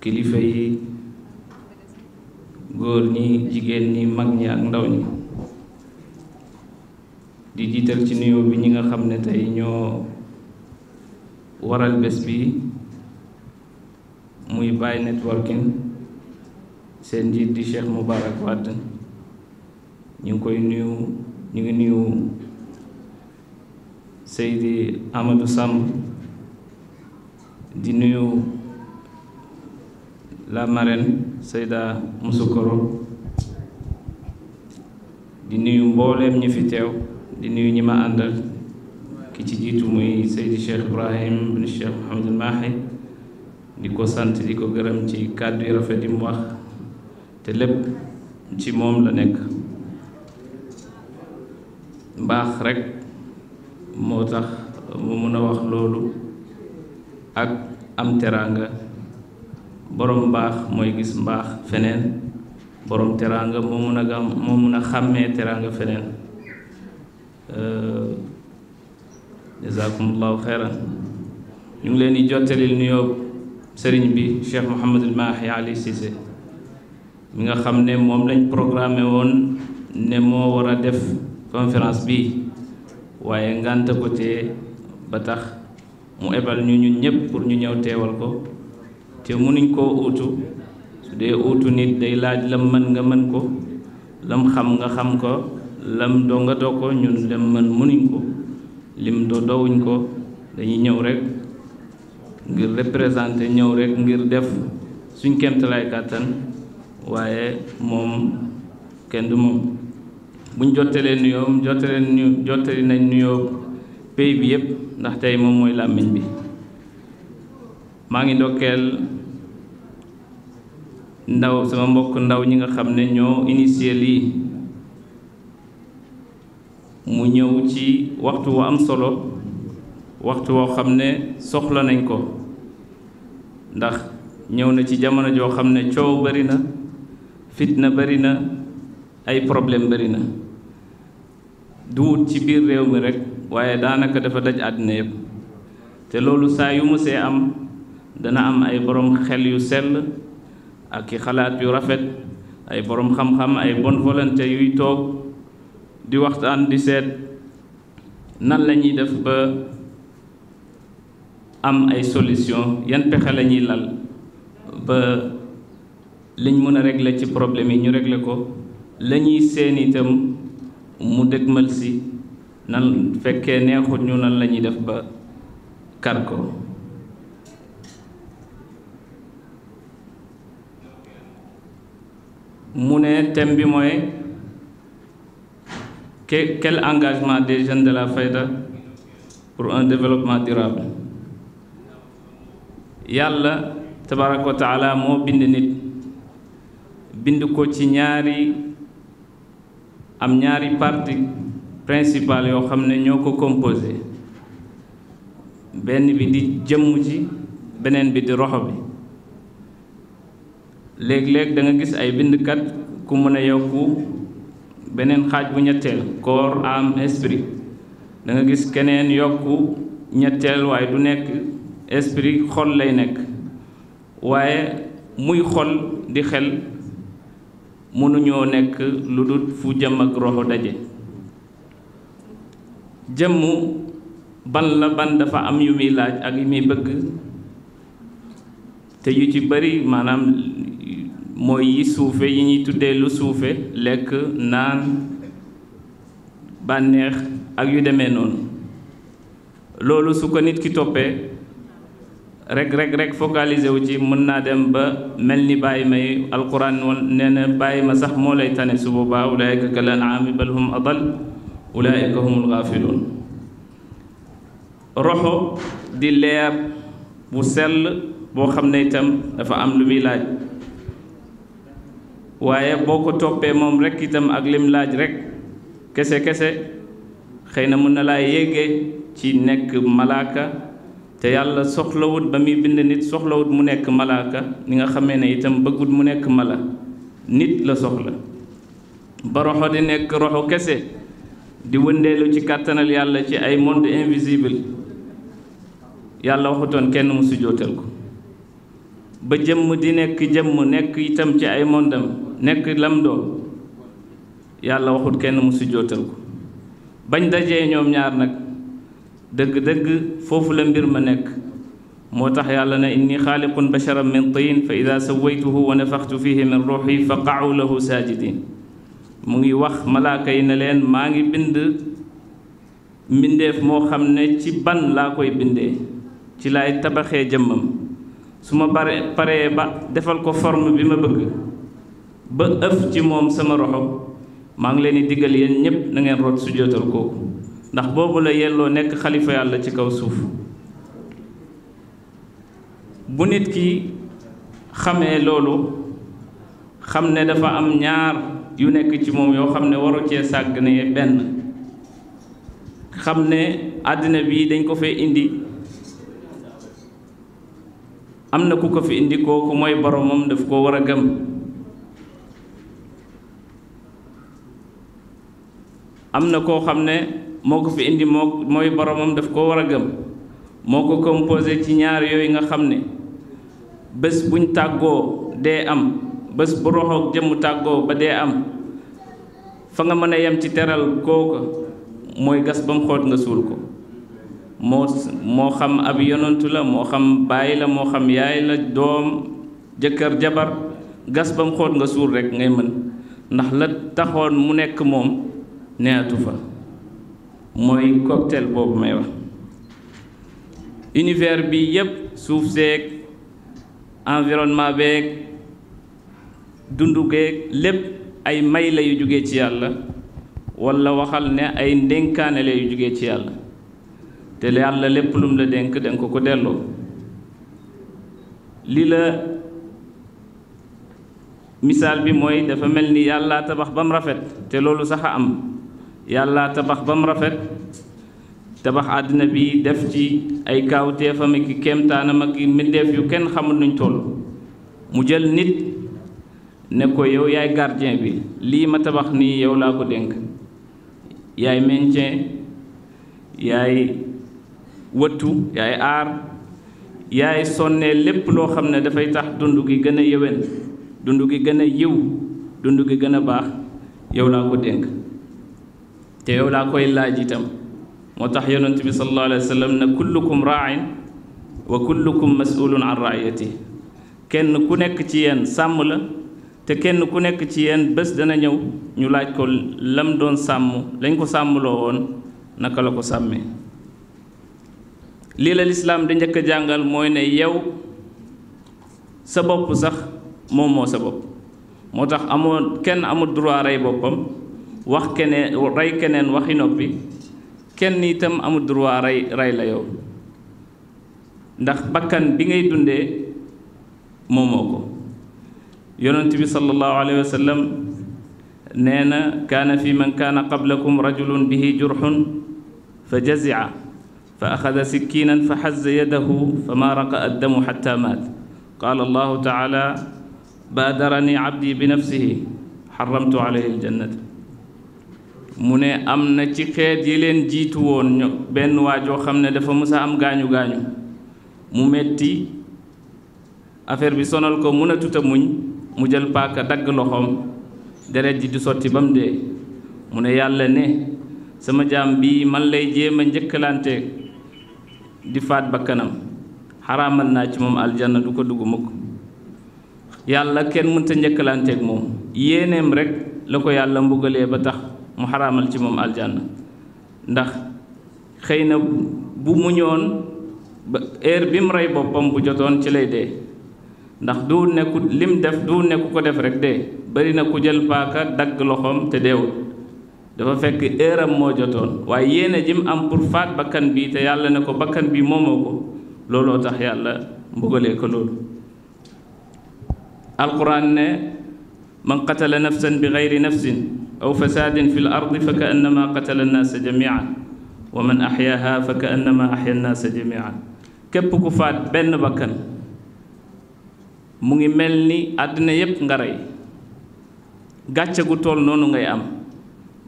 kilifa yi ñi jigéen ñi mag ñi ak ndaw ñi di jiital ci nuyoo bi ñi nga xam ne ñoo waral bés bi muy Baye networking seen njiit di Cheikh Moubarak Wade ñu ngi koy nuyu ñu ngi nuyu Amadou di nuyu la marraine Musukoro di nuyu mbooleem ñi fi teew di nuyu ñi ma àndal ki ci jiitu muy Seydi Cheikh Ibrahim bin Cheikh Mouhamadul Mahi di ko sant di ko gërëm ci kàddu yi rafet yi mu wax te lépp ci moom la nekk mbaax rekk moo tax mu mën a wax loolu ak am teraanga boroom mbaax mooy gis mbaax feneen boroom teraanga moo mun a gam moo mun a xàmmee teraanga feneen euh, jazakumullahu xeyran ñu ngi leen di jottalil nuyoo sëriñ bi Cheikh Mouhamadul Mahi Ali Cissé mi nga xam ne moom lañ programmé woon ne moo war a def conférence bi waaye ngànta ko te ba tax mu ebal ñu ñun ñëpp pour ñu ñëw teewal ko te mënuñ koo uutu dee uutu nit day laaj la mën nga mën ko lam xam nga xam ko lam doo nga doo ko ñun lam mën mënuñ ko lim doo doowuñ ko dañuy ñëw rekk ngir représenté ñëw rekk ngir def suñ kemtalaay kàttan waaye moom kenn du moom buñ jottalee nuyoo jottalee nu jottali nañ nuyoo pays bi yépp ndax tey moom mooy làmmiñ bi maa ngi ndokkeel ndaw sama mbokk ndaw ñi nga xam ne ñoo initié lii mu ñëw ci waxtu wu am solo waxtu woo xam soxla nañ ko ndax ñëw na ci jamono bari na fitna bari na ay problème bari na duwut ci biir réew mi rek waaye daanaka dafa daj àddina te loolu saa yu mu see am dana am ay borom xel yu sell ak i xalaat yu rafet ay borom xam-xam ay bonne volonté yuy toog di waxtaan di seet nan la ñuy def ba am ay solution yan pexe la ñuy lal ba liñ mën a régler ci problème yi ñu régler ko la ñuy seen itam mu dëgmal si nan fekkee neexut ñu nan la ñuy def ba kar ko mu ne thème bi mooy quel engagement des jeunes de la Fayda pour un développement durable yàlla tabaraka wa taala moo bind nit bind ko ci ñaari am ñaari partie principale yoo xam ne ñoo composé benn bi di jëmm ji beneen bi di roxo léeg-léeg danga gis ay bindkat ku mën a yokku beneen xaaj bu ñetteel corps âme esprit da gis keneen yokku ñetteel waaye du nekk esprit xol lay nekk waaye muy xol di xel mënuñoo nekk lu dul fu jëm ak roxo daje jëmm ban la ban dafa am yu muy laaj ak yu muy bëgg te yu ci bari manam moy yi soufé yi ñi tuddé lu soufé lek nan banex ak yu démé non lolu su ko nit ki topé rek rek rek focaliser wu ci mën na dem ba melni baye may alquran neena baye ma sax mo lay tane su boba ulaika kal an'aami bal hum adal ulaika hum alghafilun roho di leer bu sel boo xam ne itam dafa am lu muy laaj waaye boo ko toppee moom rekk itam ak lim laaj rekk kese kese xëy na mën na laa yéegee ci nekk malaaka te yàlla soxlawut ba muy bind nit soxlawut mu nekk malaaka ni nga xamee ne itam bëggut mu nekk mala nit la soxla ba roxo di nekk roxo kese di wëndeelu ci kàttanal yàlla ci ay monde invisible yàlla waxutoon kenn mu sujjootal ko بجم jëmm di nekk jëmm nekk itam ci ay mondam nekk lam doon yàlla waxut kenn mu sujjootal ko bañ dajee ñoom ñaar nag degg la mbir ma nekk moo yàlla ne inni xaaliqun basharan min tiin fa ida sawaytuhu wa nafaxtu fihi min ruuxi fa qacu lahu saajidin mu ngi wax malaaka yi ne leen maa ngi bind mbindeef moo xam ci ban laa koy bindee ci laay tabaxee jëmmam su ma bare paree ba defal ko forme bi ma bëgg ba ëf ci moom sama roxo maa ngi leen di diggal yéen ñépp na ngeen root su kooku ndax boobu la yelloo nekk xalifa yàlla ci kaw suuf bu nit ki xamee loolu xam ne dafa am ñaar yu nekk ci moom yoo xam ne waru cee sàgg ne benn xam ne àddina bi dañ ko fee indi am na ku ko fi indi kooku mooy boromam daf ko war a gëm am na koo xam ne moo ko fi indi moo mooy boromam daf ko war a gëm moo ko composé ci ñaar yooyu nga xam ne bés buñ tàggoo dee am bés bu roxoog jëmm tàggoo ba dee am fa nga mën a yem ci teral kooka mooy gas ba mu xoot nga suul ko moo moo xam ab yonantu la moo xam baay la moo xam yaay la doom jëkkër jabar gas ba mu xóot nga suur rekk ngay mën ndax la taxoon mu nekk moom neatu fa mooy cocktail boobu may wax univers bi yépp suuf seeg environnement beeg dundu lépp ay may la yu jóge ci yàlla walla waxal ne ay ndénkaane la yu jóge ci yàlla te yàlla lépp lum la dénk da ko ko delloo li la misaal bi mooy dafa mel ni yàllaa tabax ba rafet te loolu sax a am yàllaa tabax ba mu rafet tabax àddina bi def ci ay kaawteefam ak i kéemtaanam ak i mbindeef yu kenn xamul nuñ toll mu jël nit ne ko yow yaay gardien bi lii ma tabax nii yow laa ko dénk yaay maintien yaay wëttu yaay aar yaay sonnee lépp loo xam ne dafay tax dund gi gën a yéwén dund gi gën a yiw dund gi gën a baax yow laa ko dénk te yow laa koy laaj itam moo tax yonent bi sallallahu alayhi wa sallam ne kullukum raain wa kullukum masulun an raayati kenn ku nekk ci yéen sàmm la te kenn ku nekk ci yéen bés dana ñëw ñu laaj ko lam doon sàmm lañ ko sàmmloo woon naka la ko sàmmee lii la lislaam di njëkk a jàngal mooy ne yow sa bopp sax moom moo sa bopp moo tax amoo kenn amul droit rey boppam wax keneen rey keneen waxi noppi kenn itam amul droit rey rey la yow ndax bakkan bi ngay dundee moomoo ko yonent bi sallallahu alayhi wa nee na kaana fi man kaana qablakum rajulun bihi jurxun fa jazia فأخذ سكينا فحز يده فما رقأ الدم حتى مات قال الله تعالى بادرني عبدي بنفسه حرمت عليه الجنة من أم نتخيد يلين جيتوون بين واجو خمنا دفا موسى أم غانيو غانيو ممتي أفير بسونال كو منا تتمون مجل باكا دق لهم درج جدو سوتي بمدي من يالا ني بي من لي جي من جكلانتك di faat ba kanam xaraamal naa ci moom aljanna du ko dugg mukk yàlla kenn mënta njëkkalanteeg moom yéeneem rek la ko yàlla mbugalee ba tax mu xaraamal ci moom aljanna ndax xëy na bu muñoon ba heure bi mu rey boppam bu jotoon ci lay dee ndax du nekku lim def du nekku ko def rek dee bari na ku jël paaka dagg loxoom te deewul dafa fekk eeram moo jotoon waaye yéene jim am pour faat bakkan bii te yàlla ne ko bakkan bii moomoo ko looloo tax yàlla mbugalee ko loolu alquran ne man qatala nafsan bi gayri nafsin aw fi l fa ka annama qatala nnaasa jamiaan wa man axyaha fa ka annama axya nnaasa jamiaan képp ku faat benn bakkan mu ngi mel ni مغي yépp nga rey gàcce gu toll noonu ngay am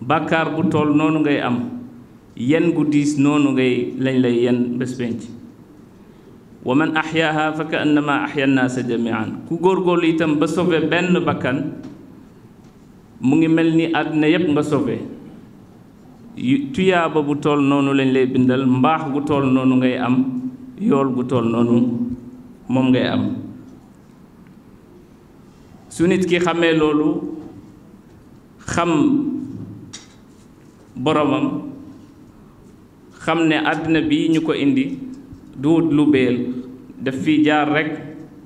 bàkkaar bu tool noonu ngay am yenn gu diis noonu ngay lañ lay yen bés penc wa man axyaaha fa ka annama axya naasa jamian ku góorgóorlu itam ba sauvé benn bakkan mu ngi mel ni àddina yépp nga sobe tuyaaba bu tool noonu lañ lay bindal mbaax gu tool noonu ngay am yool gu tool noonu moom ngay am su nit ki xamee loolu xam boroomam xam ne àddina bi ñu ko indi duut lu béel def fi jaar rekk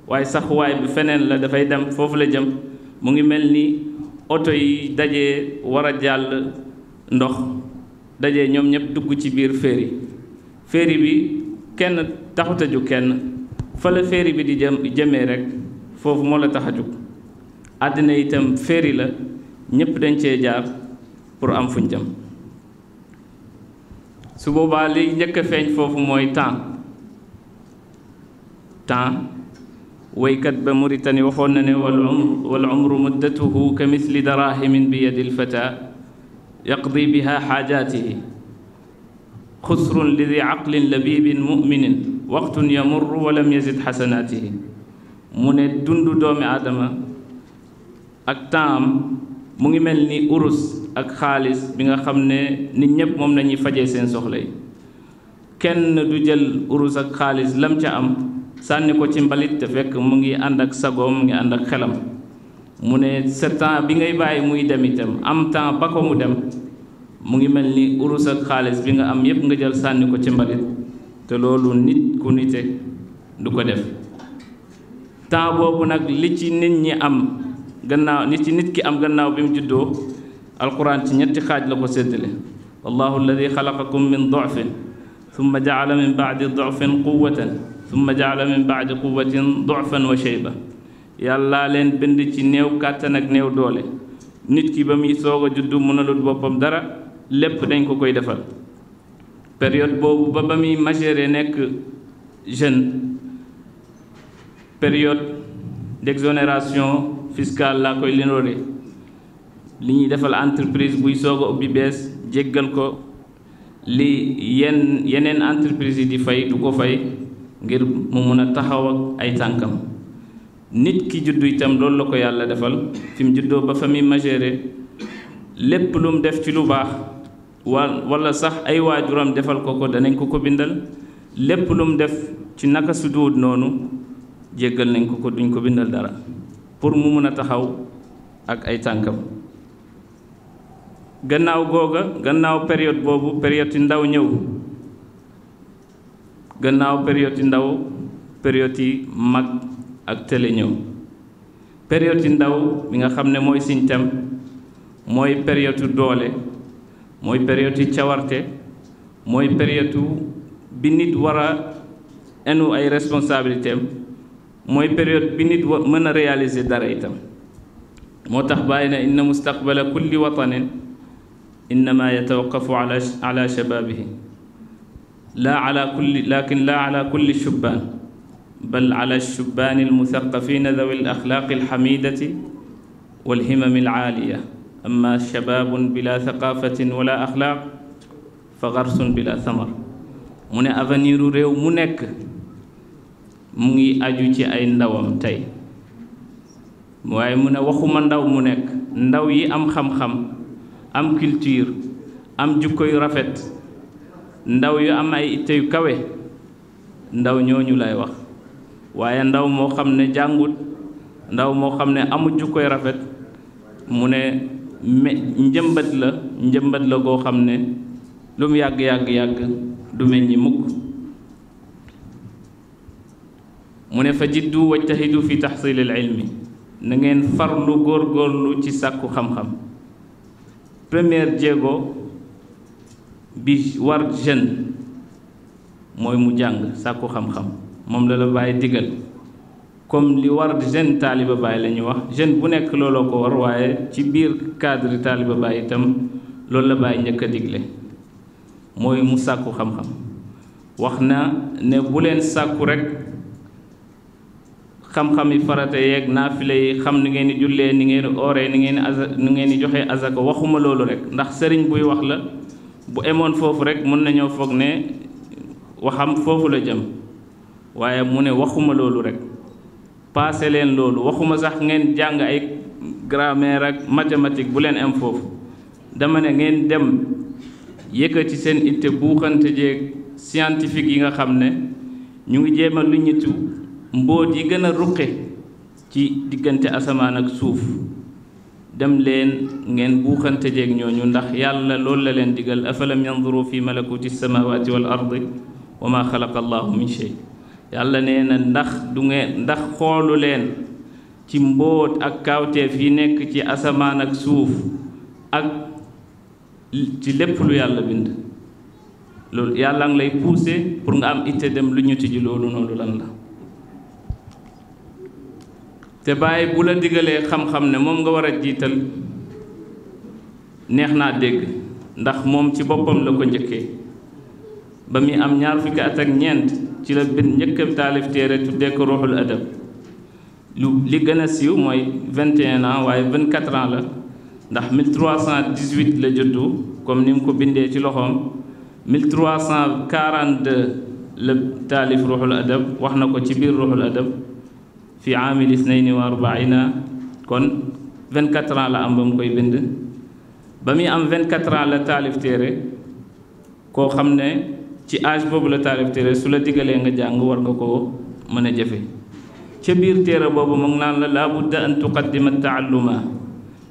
waaye saxuwaay bi feneen la dafay dem foofu la jëm mu ngi mel ni oto yi dajee war a jàll ndox daje ñoom ñëpp dugg ci biir féeri féeri bi kenn taxut kenn fa féeri bi di jëm jëme rekk foofu moo la tax a jug àddina itam féeri la ñépp dañ cee jaar pour am fuñ jëm su boobaa li njëkk a feeñ foofu mooy temps temps waykat ba Muritani waxoon na ne wal umru wal umru muddatuhu ka misli darahimin bi yadi lfata yaqdi biha xaajaatihi خسر لذي عقل لبيب مؤمن وقت يمر ولم يزد حسناته من mu دومي dundu اك تام موغي ملني اورس ak xaalis bi nga xam ne nit ñëpp moom nañuy fajee seen soxla yi kenn du jël urus ak xaalis lam ca am sànni ko ci mbalit te fekk mu ngi ànd ak sagoom mu ngi ànd ak xelam mu ne sa temps bi ngay bàyyi muy dem itam am temps ba ko mu dem mu ngi mel ni urus ak xaalis bi nga am yépp nga jël sànni ko ci mbalit te loolu nit ku nite du ko def temps boobu nag li ci nit ñi am gannaaw nit ci nit ki am gannaaw bi mu juddoo القران تي خاج لاكو سيدلي الله الذي خلقكم من ضعف ثم جعل من بعد ضعف قوة ثم جعل من بعد قوة ضعفا وشيبة يلا لين بند تي نيو كاتن اك نيو دولي نيت كي بامي سوغا جود مونالوت بوبام دارا لب دنج كو كوي ديفال بيريود بوب بامي ماجيري نيك جين بيريود ديكزونيراسيون فيسكال لا كوي لينوري li ñuy defal entreprise buy soog a ubbi bees jéggal ko li yenn yeneen entreprise yi di fay du ko fay ngir mu mën a taxaw ak ay tànkam nit ki juddu itam loolu la ko yàlla defal fi mu juddoo ba fa muy majeure lépp lu def ci lu baax wa wala sax ay waajuram defal ko ko danañ ko ko bindal lépp lum def ci naka su duut noonu jéggal nañ ko ko duñ ko bindal dara pour mu mën a taxaw ak ay tànkam gannaaw googa gannaaw période boobu période yi ndaw ñëw gannaaw période yi ndaw période yi mag ak tële ñëw période yi ndaw bi nga xam ne mooy siñ tam mooy période doole mooy période yi cawarte mooy période bi nit war a ay responsabilité mooy période bi nit mën a réaliser dara itam moo tax bàyyi na inna kulli watanin إنما يتوقف على على شبابه لا على كل لكن لا على كل الشبان بل على الشبان المثقفين ذوي الأخلاق الحميدة والهمم العالية أما شباب بلا ثقافة ولا أخلاق فغرس بلا ثمر من أفنير ريو منك réew أجوتي أي نوام تاي aju ci من ndawam tey waaye mu ne waxuma خم mu am culture am jukko yu rafet ndaw yu am ay itte yu kawe ndaw ñooñu lay wax waaye ndaw moo xam ne jàngut ndaw moo xam ne amut ju koy rafet mu ne me njëmbat la njëmbat la goo xam ne lu mu yàgg yàgg yàgg du meññi mukk mu ne fa jiddu wajtahidu fi tahsilil ilmi na ngeen farlu góorgóorlu ci sàkku xam-xam première jéego bi war jeune mooy mu jàng sàkku xam-xam moom la la bàyyi digal comme li war jeune taaliba bàyyi la ñuy wax jeune bu nekk looloo ko war waaye ci biir cadre taaliba bàyyi itam loolu la bàyyi njëkk a digle mooy mu sàkku xam-xam wax na ne bu sàkku rekk xam-xam yi farata yeeg naafile yi xam ni ngeen di jullee ni ngeen di ooree ni ngeen di aza ni ngeen di joxee azaka waxuma loolu rek ndax sëriñ buy wax la bu emoon foofu rek mën nañoo foog ne waxam foofu la jëm waaye mu ne waxuma loolu rek paase leen loolu waxuma sax ngeen jàng ay grammaire ak mathématique bu leen am foofu dama ne ngeen dem yëkkati seen itte buuxante jeeg scientifique yi nga xam ne ñu ngi jéem a luñitu mbóot yi gën a ruqe ci diggante asamaan ak suuf dem leen ngeen buuxante jeeg ñooñu ndax yàlla loolu la leen digal afalam yanduru fi malakuti samawati wal ardi wa ma xalaqa allahu min shay yàlla nee na ndax du ngeen ndax xoolu leen ci mbóot ak kaawteef yi nekk ci asamaan ak suuf ak ci lépp lu yàlla bind loolu yàlla ngi lay poussé pour nga am itte dem lu ñu ji loolu noonu lan la te bàyyi bu la digale xam-xam ne mom nga wara jital jiital neex naa dégg ndax mom ci bopam la ko ñëkke ba mi am ñaar fukki at ak ñent ci la bin ñëkke talif téré tu tuddee ruhul adab lu li gëna siw moy 21 ans waaye 24 ans la ndax 1318 la jëddu comme nim ko bindé ci loxom 1342 le talif ruhul adab wax ko ci bir ruhul adab fi aamil isnayni wa arbaina kon 24 ans la am ba mu koy bind ba muy am 24 ans la taalif téere koo xam ne ci âge boobu la taalif téere su la digalee nga jàng war nga koo mën a jëfe ca biir téere boobu mu ngi naan la laa budda an tuqaddima taalluma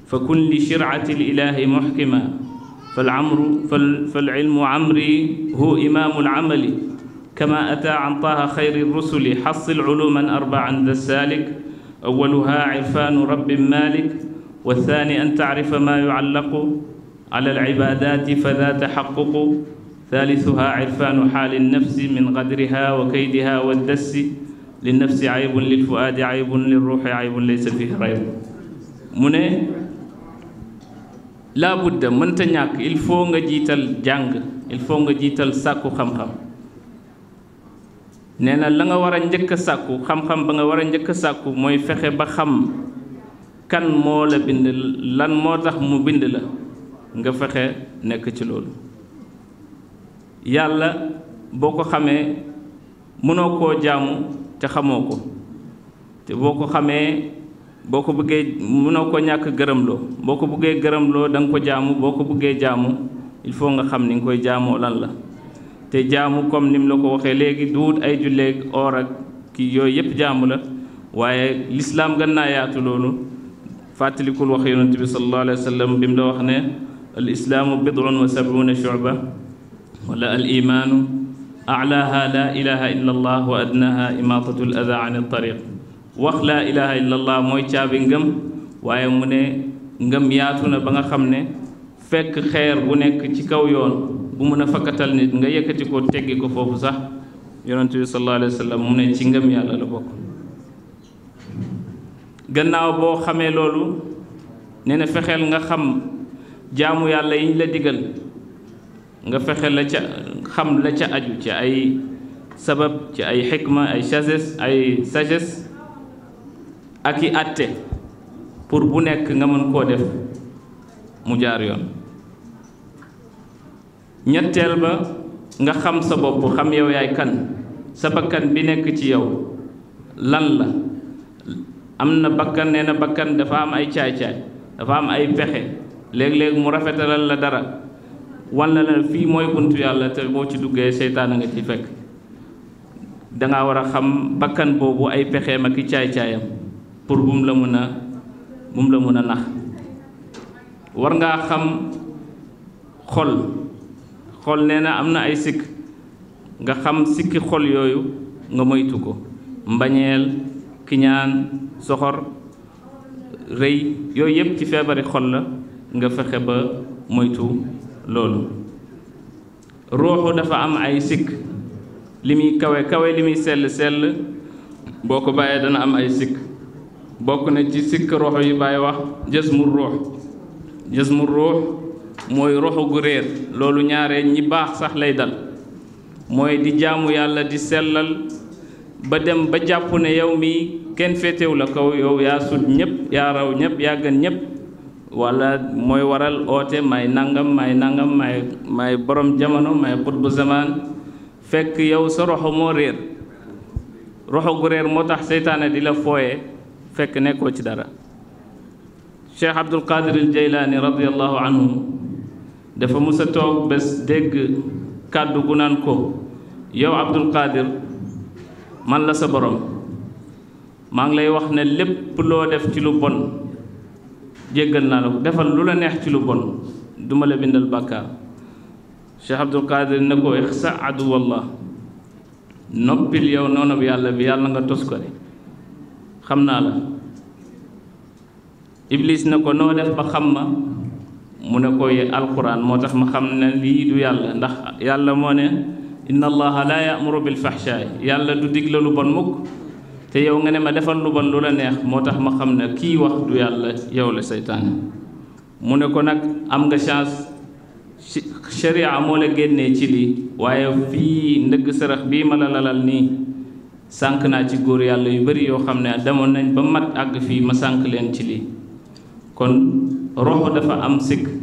fa kun li shiraati lilahi muxkima fal amru fal fal ilmu amri hu imaamu lamali كما أتى عن طه خير الرسل حصل علوما أربعا ذا السالك أولها عرفان رب مالك والثاني أن تعرف ما يعلق على العبادات فذا تحقق ثالثها عرفان حال النفس من غدرها وكيدها والدس للنفس عيب للفؤاد عيب للروح عيب ليس فيه ريب من لا بد من تنياك il faut nga jital jang ساكو faut خم nee na la nga war a njëkk sàkku xam-xam ba nga war a njëkk a sàkku mooy fexe ba xam kan moo la bind lan moo tax mu bind la nga fexe nekk ci loolu yàlla boo ko xamee mënoo koo jaamu te xamoo ko te boo ko xamee boo ko bëggee mënoo ko ñàkk gërëmloo boo ko bëggee gërëmloo da nga ko jaamu boo ko bëggee jaamu il faut nga xam ni nga koy jaamoo lan la te jaamu comme nim la ko waxee léegi duut ay julleeg or ak ki yooyu yëpp jaamu la waaye lislaam gën naa yaatu loolu fàttalikul wax yonent bi sallallahu alayhi wa sallam bi mu la wax ne al islaamu bid'un wa sab'una shu'ba wala al imaanu alaha la ilaha illa allah wa adnaha imatatu al ada an al tariq wax la ilaha illa allah mooy caabi ngëm waaye mu ne ngëm yaatu na ba nga xam ne fekk xeer bu nekk ci kaw yoon bu mën a fakkatal nit nga yëkkati ko teggi ko foofu sax yonent bi sa alayhi wa sallam mu ne ci ngëm yàlla la bokk gannaaw boo xamee loolu nee na fexeel nga xam jaamu yàlla yiñ la digal nga fexe la ca xam la ca aju ci ay sabab ci ay xikma ay sagesse ay sagesse ak i àtte pour bu nekk nga mën koo def mu jaar yoon Nyatel ba nga xam sa bopp xam yow yaay kan sa bakkan bi nekk ci yow lan la am na bakkan nee bakkan dafa am ay caay-caay dafa am ay pexe léeg-léeg mu rafetalal la dara walla la fii moy buntu yàlla te boo ci duggee seytaan nga ci fekk danga war a xam bakkan boobu ay pexeem ma i caay-caayam pour bum la mën a bum la mën nax war ngaa xam xol xol nee na am na ay sikk nga xam sikki xol yooyu nga moytu ko mbañeel kiñaan soxor rëy yooyu yëpp ci feebari xol la nga fexe ba moytu loolu ruuxu dafa am ay sikk li muy kawe kawe li muy sell sell boo ko bàyyee dana am ay sikk bokk na ci sikk ruux yi bàyyi wax jës mu ruux jës mu ruux mooy roxo gu réer loolu ñaare ñi baax sax lay dal mooy di jaamu yàlla di sellal ba dem ba jàpp ne yow mi kenn féetewu la kaw yow yaa sut ñëpp yaa raw ñëpp yaa gën ñëpp wala mooy waral oote may nangam may nangam may may borom jamono may xutbu zamaan fekk yow sa roxo moo réer roxo gu réer moo tax seytaane di la fooye fekk nekkoo ci dara cheikh abdul qadir al jaylaani radiallahu anhu dafa musa toog bés dégg kàddu gu naan ko yow Abdul Qadir man la sa borom maa ngi lay wax ne lépp loo def ci lu bon jéggal naa la defal lu la neex ci lu bon duma la bindal bàkkaar Cheikh Abdul Qadir ne ko ixsa aduwallah noppil yow noonu bi yàlla bi yàlla nga tos ko de xam naa la Iblis ne ko noo def ba xam ma mu ne koy alquran moo tax ma xam ne lii du yàlla ndax yàlla moo ne inna allaha laa ya'muru bil fahshaay yàlla du dig la lu bon mukk te yow nga ne ma defal lu bon lu la neex moo tax ma xam ne kii wax du yàlla yow la seytaane mu ne ko nag am nga chance sharia moo la génnee ci lii waaye fii ndëgg sarax bii ma la lalal nii sànq naa ci góor yàlla yu bari yoo xam ne demoon nañ ba mat àgg fii ma sànq leen ci lii kon rox dafa am sikk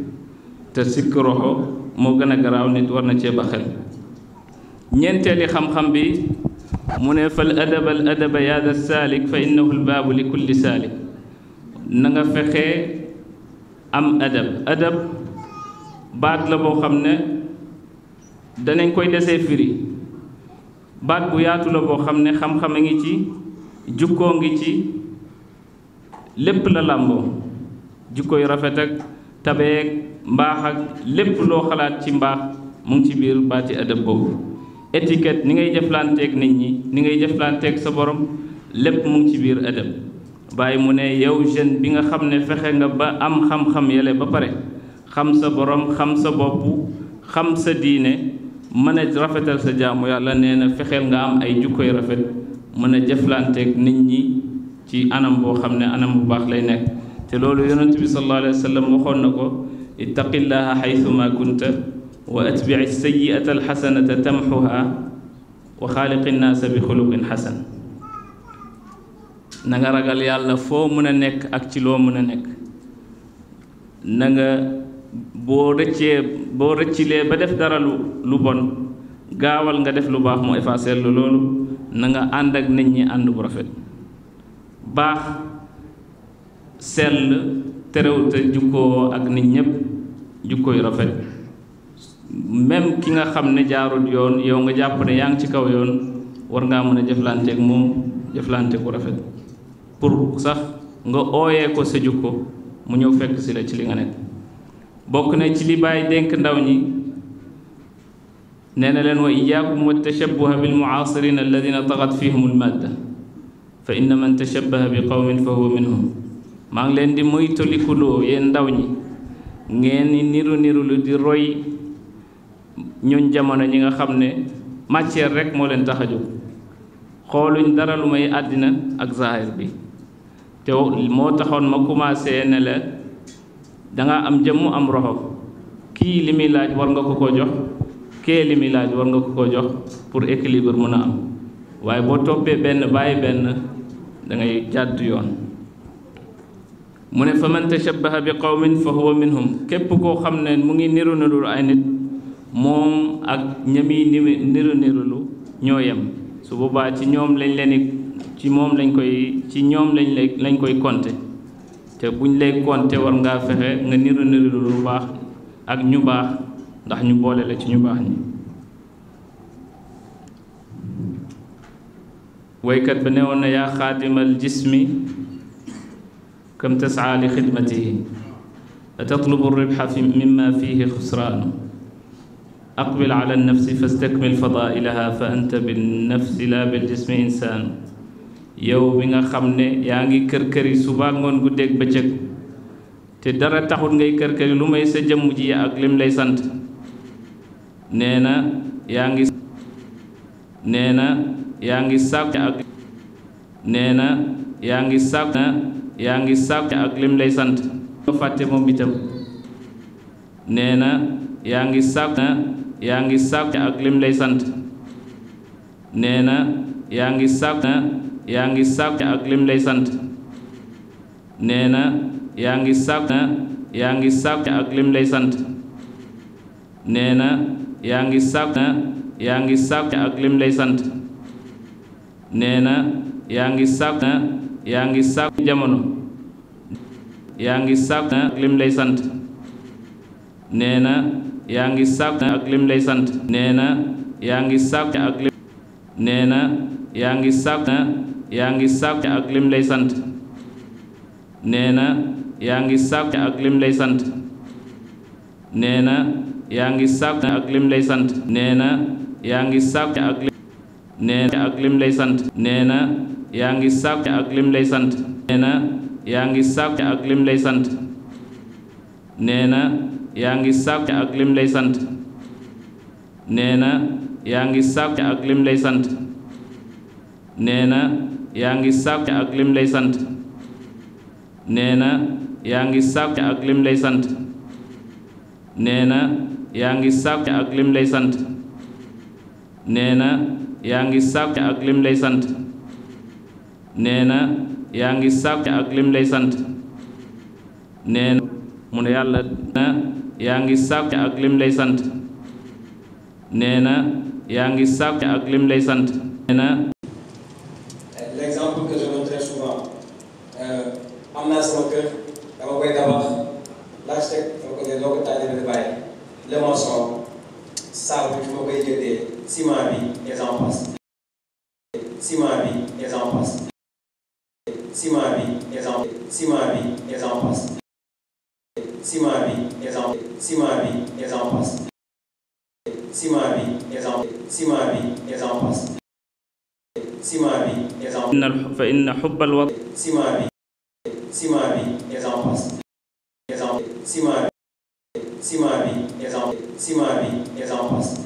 te sikk roxo moo gën a garaaw nit war na cee ba xel ñeenteeli xam-xam bi mu ne fal adaba al adaba yaada saalik fa innahu l baabu li kulli saalik na nga fexee am adab adab baat la boo xam ne danañ koy desee firi baat bu yaatu la boo xam ne xam-xam a ngi ci jukkoo ngi ci lépp la làmboo jukkoy rafet ak tabeeg mbaax ak lépp loo xalaat ci mbaax mu ngi ci biir baati adab boobu étiquette ni ngay jëflanteeg nit ñi ni ngay jëflanteeg sa borom lépp mu ngi ci biir adab bàyyi mu ne yow jeune bi nga xam ne fexe nga ba am xam-xam yele ba pare xam sa boroom xam sa bopp xam sa diine mën a rafetal sa jaamu yàlla nee na fexeel nga am ay jukkoy rafet mën a jëflanteeg nit ñi ci anam boo xam ne anam bu baax lay nekk te loolu yonent bi sallallahu alayhi wa waxoon ittaqillaha xaytuma kunta wa atbici sayiata alxasanata tamxuha wa xaaliqi nnaasa bi xuluqin xasan na ragal yàlla foo mën a nekk ak ci loo mën a nekk na nga boo rëccee boo rëccilee ba def dara lu lu bon gaawal nga def lu baax mu effacer lu loolu nanga nga ànd ak nit ñi ànd bu rafet baax sell terewut jukkoo ak nit ñëpp jukkooy rafet même ki nga xamné jaarul yoon yow nga jàpp ne yaang ci kaw yoon war nga mëna jëflanté ak mom jëflante ko rafet pour sax nga oyé ko sa jukko mu ñëw fekk ci la ci li nga nek bok na ci li bay dénk ndaw ñi nena len wa iyyakum wat tashabbuha bil muaasirina alladina tagat fihum madda fa inna man tashabbaha bi qawmin fa huwa minhum maa ngi leen di muy tolikuloo yéen ndaw ñi ngeen niru niru lu di roy ñooñ jamono ñi nga xam ne matière rek moo leen tax a jóg xooluñ dara lu may àddina ak zahir bi te moo taxoon ma commencé ne la danga am jëmm am roxo kii li laaj war nga ko ko jox kee li laaj war nga ko ko jox pour équilibre mun a am waaye boo toppee benn bàyyi benn dangay ngay yoon mu ne fa man tashabbaha bi qawmin fa huwa minhum képp koo xam ne mu ngi niru nirul ay nit moom ak ñami niru nirulu ñoo yem su boobaa ci ñoom lañ leen ci moom lañ koy ci ñoom lañ lay lañ koy konte te buñ lay konte war ngaa fexe nga niru nirulu lu baax ak ñu baax ndax ñu boole la ci ñu baax ñi waykat ba ne woon na yaa xaadimal jismi كم تسعى لخدمته أتطلب الربح في مما فيه خسران أقبل على النفس فاستكمل فضائلها فأنت بالنفس لا بالجسم إنسان يو بيغا خامني ياغي كركري سوبا من غوديك بجك تدرى دارا تاخوت كركري لما يسجم جيم أقلم اك ليم لاي نينا نينا ياغي نينا ياغي ساك نينا yaa ngi sàkku ak lim lay sant nga fàtte moom itam nee na yaa ngi sàkku yaa ngi sàkku ak lim lay sant nee na yaa ngi sàkku yaa ngi sàkku ak lim lay sant nee na yaa ngi sàkku yaa ngi sàkku ak lim lay sant nee na yaa ngi sàkku yaa ngi sàkku ak lim lay sant nee na yaa ngi sàkku yaa ngi sàkku jamono yaa ngi sàkku ak lim lay sant nee na yaa ngi sàkku ak lim lay sant nee na yaa ngi sàkku ak lim nee na yaa ngi sàkku yaa ngi sàkku ak lim lay sant nee na yaa ngi sàkku ak lim lay sant nee na yaa ngi sàkku ak lim lay sant nee na yaa ngi sàkku ak lim nee na ak lim lay sant nee na yaa ngi sàkk ak lim lay sant nee na yaa ngi sàkk ak lim lay sant nee na yaa ngi sàkk ak lim lay sant nee na yaa ngi sàkk ak lim lay sant nee na yaa ngi sàkk ak lim lay sant nee na yaa ngi sàkk ak lim lay sant nee na yaa ngi sàkk ak lim lay sant nee na yaa ngi ak lim lay sant neena na yaa ak lim lay sant nee na mu ne yàlla na yaa ngi ak lim lay sant neena na yaa ak lim lay sant neena l'exemple que je donne très souvent euh naa sama kër dama koy tabax l'architecte dama ko ne doo ko le mensonge sa bi fi koy jëndee ciment bi et j'en passe ciment bi et j'en passe ciment bi et j'en passe ciment bi et j'en passe ciment bi et j'en passe ciment bi et j'en passe ciment bi et j'en passe ciment bi et j'en passe ciment bi et j'en passe فإن حب الوطن ciment bi ciment bi et j'en passe et j'en passe ciment bi ciment bi et j'en passe ciment bi et j'en passe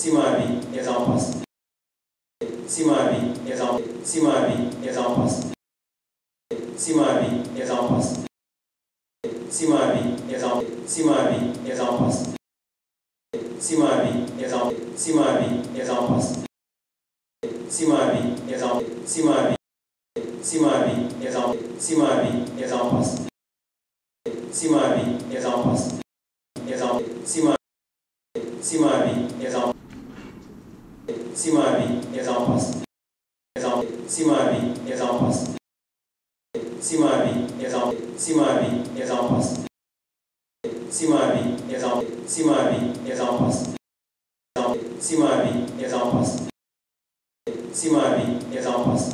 ciment bi et j'en passe ciment bi et j'en ciment bi et j'en passe ciment bi et j'en passe ciment bi et j'en ciment bi et j'en passe ciment bi et j'en ciment bi et j'en passe ciment bi et j'en ciment bi ciment bi et j'en ciment bi et j'en passe ciment bi et j'en passe ciment ciment bi et j'en ciment bi et j'en passe ciment bi et j'en passe ciment bi et j'en ciment bi et j'en passe ciment bi et j'en ciment bi et j'en passe ciment bi et j'en passe ciment bi et j'en passe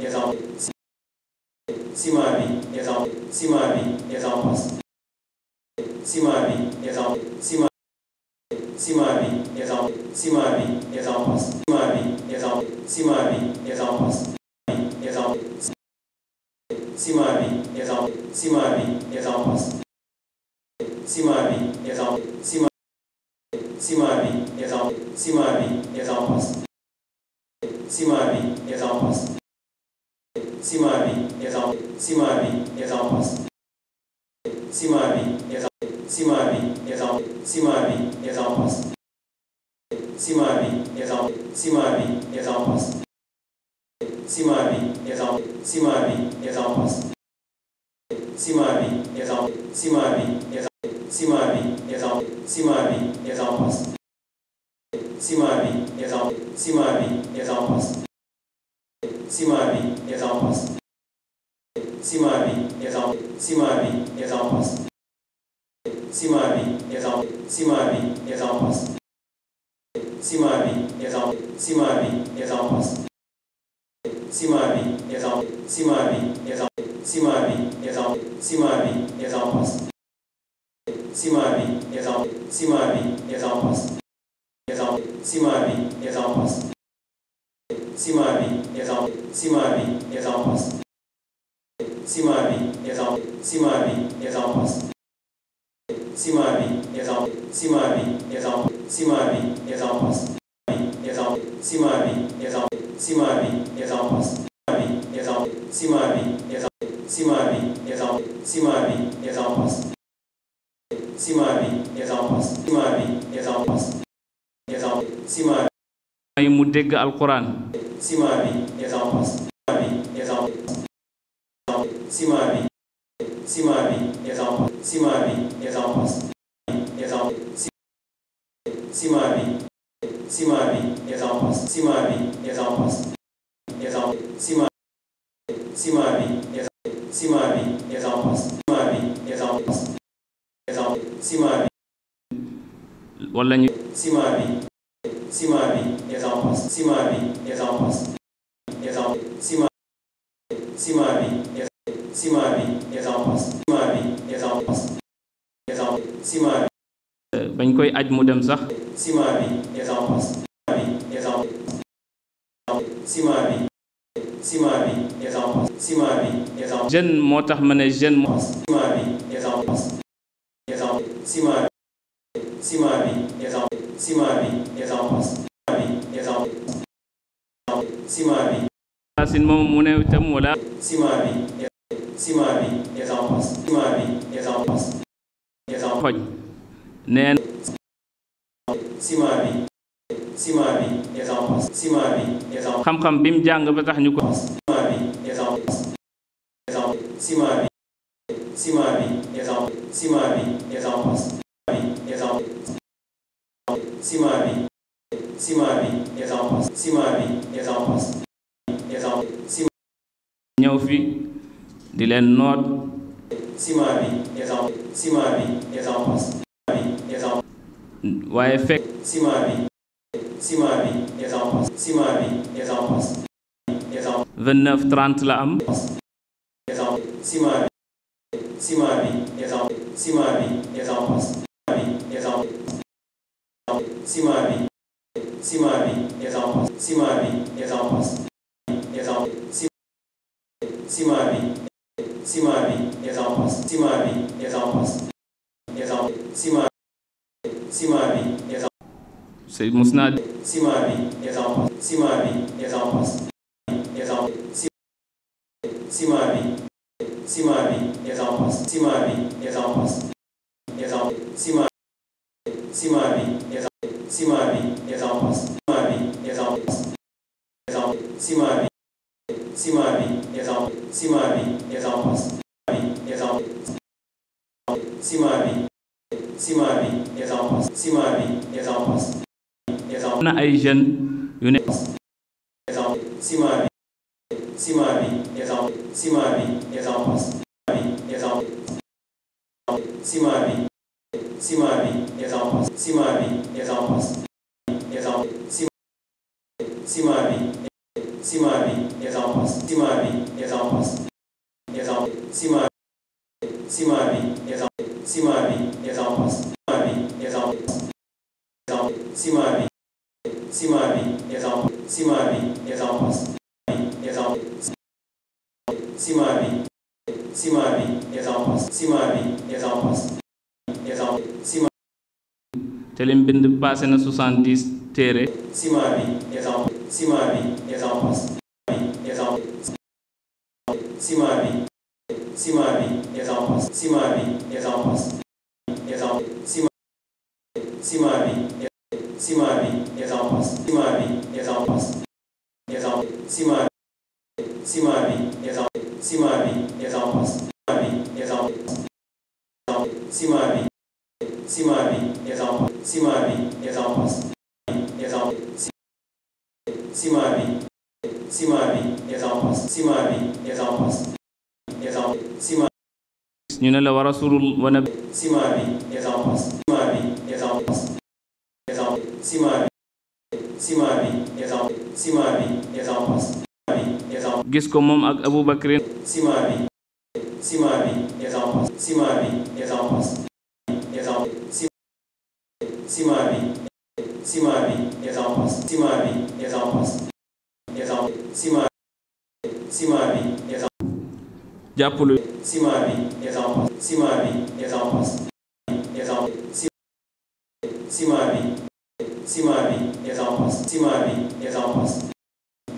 et j'en ciment bi et j'en ciment bi et j'en passe ciment bi et j'en ciment ciment bi exemple ciment bi exemple passe ciment bi exemple ciment bi exemple passe bi exemple ciment bi exemple ciment bi exemple passe ciment bi exemple ciment ciment bi exemple ciment bi exemple passe ciment bi exemple passe ciment bi exemple ciment bi exemple passe ciment bi exemple ciment bi exemple ciment bi exemple passe ciment bi exemple ciment bi exemple passe ciment bi exemple ciment bi exemple passe ciment bi exemple ciment bi exemple ciment bi exemple ciment bi exemple passe ciment bi exemple ciment bi exemple passe ciment bi exemple passe ciment bi exemple ciment bi exemple passe ciment bi exemple ciment bi exemple passe ciment bi exemple ciment bi exemple ciment bi exemple ciment bi exemple ciment bi exemple ciment bi exemple ciment bi exemple ciment bi exemple exemple ciment bi exemple ciment bi exemple ciment bi exemple ciment bi exemple ciment bi exemple ciment bi exemple ciment bi exemple ciment bi et j'en passe bi et j'en ciment bi et j'en ciment bi et j'en passe bi et j'en ciment bi et j'en ciment bi et j'en ciment bi et j'en passe ciment bi et j'en passe ciment bi et j'en passe et j'en ciment bi mu dégg alquran ciment bi et j'en passe bi et j'en ciment bi ciment bi et j'en passe ciment bi ciment bi ciment bi et j'en passe ciment bi et j'en passe et j'en ciment ciment bi et ciment bi et j'en passe ciment bi et j'en passe et j'en ciment bi wala ñu ciment bi ciment bi et j'en passe ciment bi et j'en passe et j'en ciment ciment bi et ciment bi et j'en passe ciment bi et j'en passe et j'en ciment bi bañ koy aj mu dem sax ciment bi et en passe ciment bi ciment bi et en passe ciment bi et en passe jeune moo tax ma ne jeune moo ciment bi et en passe ciment bi ciment bi et en passe ciment bi et en passe ciment bi Racine moom mu ne itam wala ciment bi ciment bi et en passe ciment bi et en passe xoj nee na ciment bi bi xam-xam bi mu jàng ba tax ñu ko ciment bi exemple exemple ciment bi ciment bi exemple ciment bi exemple exemple ciment bi ciment bi exemple ciment bi exemple exemple ciment ñëw fi di leen noot ciment waaye fekk. ciment bi ciment bi et en passe. ciment bi et en passe. vingt neuf trente la am. ciment bi ciment bi et en ciment bi et en passe. ciment bi ciment bi et en passe. ciment bi et en passe. ciment bi ciment bi et en passe. ciment bi et en passe. ciment Simabi example. Say Musnad. Simabi example. Simabi example. Example. Simabi. Simabi examples. Simabi examples. Example. Simabi. Simabi example. Simabi examples. Simabi examples. Example. Simabi. Simabi example. Simabi examples. Simabi example. Simabi ciment bi et j'en passe ciment bi et j'en passe am na ay jeunes yu ne ciment bi ciment bi et j'en ciment bi et j'en passe bi et j'en ciment bi ciment bi et j'en passe ciment bi et j'en passe et j'en ciment bi ciment bi et j'en passe ciment bi et j'en passe et j'en ciment bi ciment bi ciment bi et j'en passe ciment bi et j'en passe ciment bi ciment bi et j'en passe ciment bi et j'en passe ciment bi ciment bi et j'en passe ciment bi et j'en passe et j'en passe te lim bind passé na soixante-dix téere ciment bi et j'en passe ciment bi et j'en passe ciment bi ciment bi et j'en passe ciment bi et j'en passe et j'en ciment ciment bi et ciment bi et j'en passe ciment bi et j'en passe et j'en ciment bi ciment bi et j'en ciment bi et j'en passe ciment bi et j'en passe ciment bi ciment bi et j'en passe ciment bi et j'en passe et j'en ciment bi ciment bi et j'en passe ciment bi et j'en passe Sima. ñu ne la wa rasulul wa nabi. Sima bi exemple passe. Sima bi Sima bi. Sima bi Sima bi Sima bi. Sima bi Sima bi Sima bi. Sima bi. Sima bi jàppale. ciment bi exemple pass. ciment bi exemple pass. exemple ciment bi ciment bi exemple pass. ciment bi exemple pass.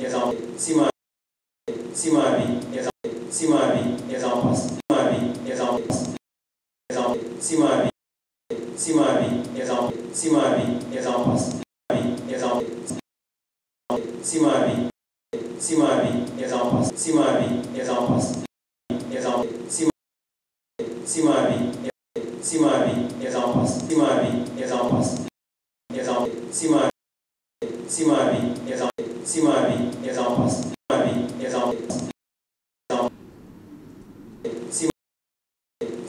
exemple ciment ciment bi exemple ciment bi exemple pass. ciment bi exemple pass. exemple ciment bi ciment bi exemple ciment bi exemple pass. exemple ciment bi ciment bi exemple pass. ciment bi exemple pass. ciment bi ciment bi et j'en passe ciment bi et j'en passe et j'en ciment bi ciment bi et j'en ciment bi et j'en passe ciment bi et j'en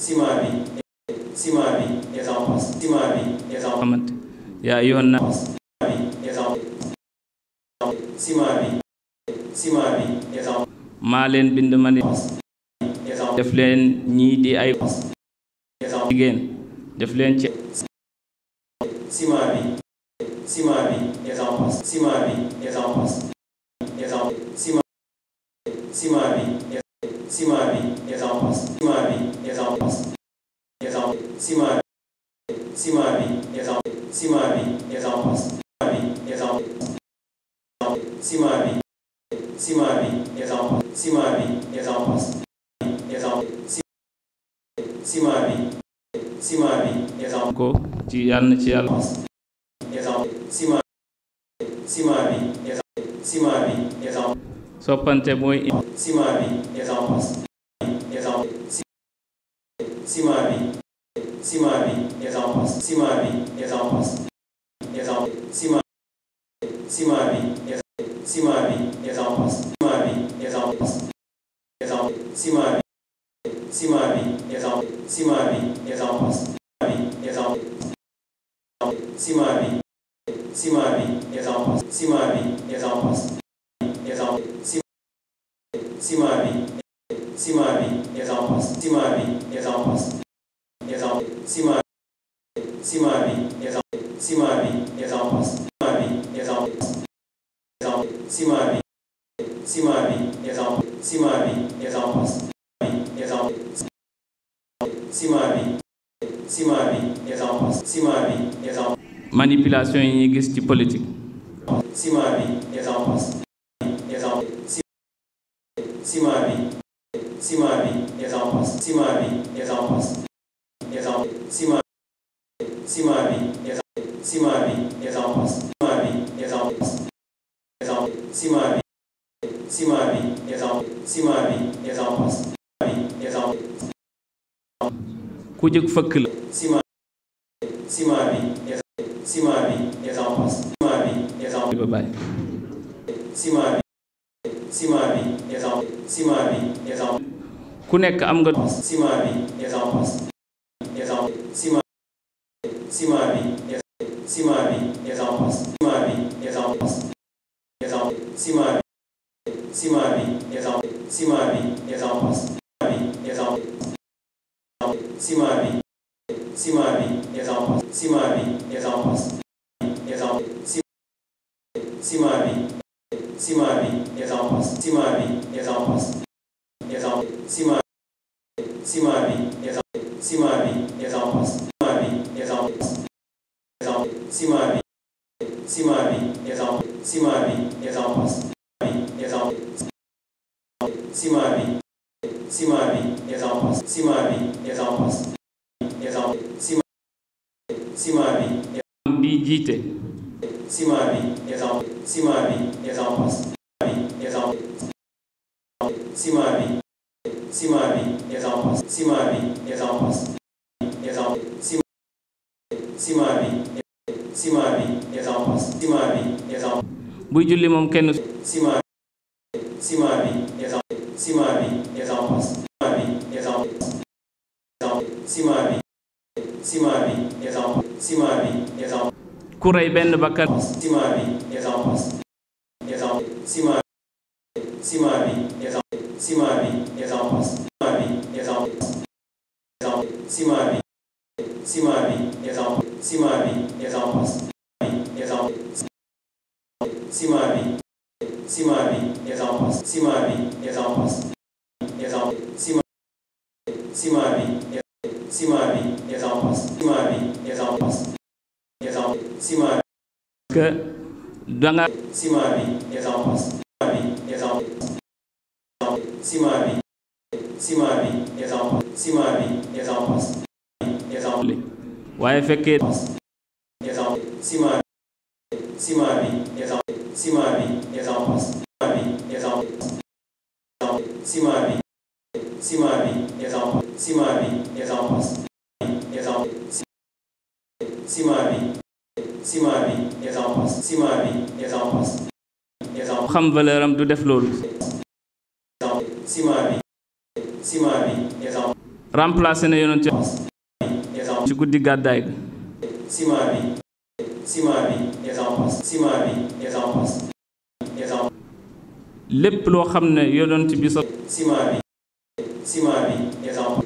ciment bi ciment bi et j'en passe ciment bi et j'en xamante yaa yoon na ciment bi ciment bi maa leen bind ma ne def leen ñii di ay jigéen def leen ci ciment bi ciment bi exemple ciment bi exemple exemple ciment ciment bi ciment bi exemple ciment bi exemple exemple ciment bi ciment bi exemple ciment bi exemple exemple ciment bi ciment bi exemple ciment bi exemple ko ci yàlla na ci yàlla soppante mooy ciment bi et cetera ciment bi et cetera ciment bi et cetera ciment bi et en passe ciment bi et en passe et en ciment bi ciment bi et en passe ciment bi et en passe et en ciment ciment bi et en ciment bi et en passe ciment bi et en passe ciment bi ciment bi et en ciment bi et en passe et en ciment bi ciment bi et en passe ciment bi manipulation yi ñuy gis ci politique. ciment bi et en passe. et en ciment bi. ciment bi et en passe. ciment bi et en passe. et en ciment ciment bi et en ciment bi et en passe. ciment bi et en passe. et en ciment bi. ciment bi et en ciment bi et en passe. ciment bi et en ku jëkk fëkk la. ciment bi ciment bi exemple ciment bi exemple. ku nekk am nga. ciment bi exemple. exemple ciment ciment bi ciment bi exemple. ciment bi exemple. exemple ciment bi ciment bi exemple. ciment bi exemple. ciment bi exemple. ciment bi ciment bi exemple. ciment bi. ciment bi et en passe et en ciment ciment bi et en ciment bi et en passe ciment bi et en ciment bi ciment bi et en ciment bi et en passe et en ciment bi ciment bi et en passe ciment bi et en passe et en ciment ciment bi bi jiite ciment bi et en ciment bi et en passe ciment bi et j'en passe ciment bi et j'en passe et j'en passe ciment bi ciment bi et j'en passe ciment bi et j'en buy julli moom kenn ciment bi ciment bi et j'en ciment bi et j'en passe ciment bi et j'en passe ciment bi ciment bi et j'en passe ciment bi et j'en ku rey benn bakkan ciment bi et j'en passe et j'en ciment bi ciment bi ciment bi et j'en passe ciment bi et j'en passe ciment bi ciment bi et j'en passe ciment bi et j'en passe ciment bi ciment bi et j'en passe ciment bi et j'en passe et j'en ciment ciment bi ciment bi et j'en passe ciment bi et j'en passe et j'en ciment bi que danga ciment bi et j'en passe ciment bi ciment bi xam valeur du def loolu ciment bi exemple. remplacé na yonent guddi gàddaay bi. ciment lépp loo xam ne yonent bi sa. ciment bi ciment bi exemple.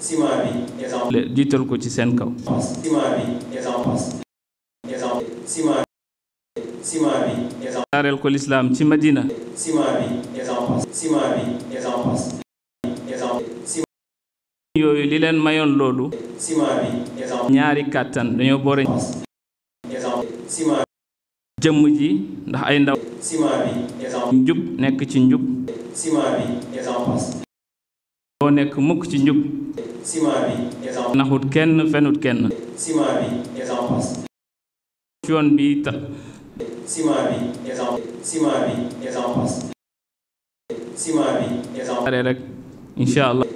ciment jiital ko ci seen kaw. ciment bi ko lislaam ci Madina. ciment bi exemple. ciment yooyu li leen mayoon loolu. ñaari kàttan dañoo boore. jëmm ji ndax ay ndaw. njub nekk ci njub. doo nekk mukk ci njub naxut kenn fenut kenn yoon bi ta are rek insha allah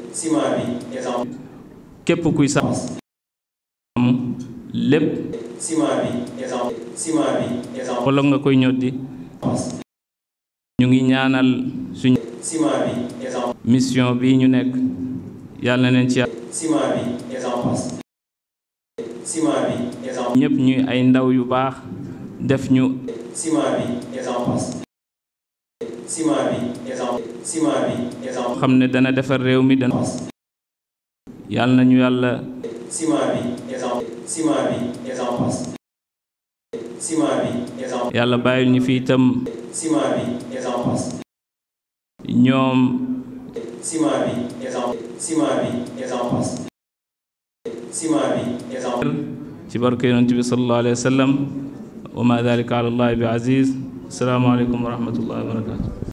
képp kuy sàmm lépp wala nga koy ñoddi ñu ngi ñaanal suñu mission bi ñu nekk yàlla na leen ci ciment bi ñuy ay ndaw yu baax def ñu ciment bi xam ne dana defar réew mi dana yàlla nañu yàlla ciment bi ciment ñu fi itam ñoom تبارك الله النبي صلى الله عليه وسلم وما ذلك على الله بعزيز السلام عليكم ورحمه الله وبركاته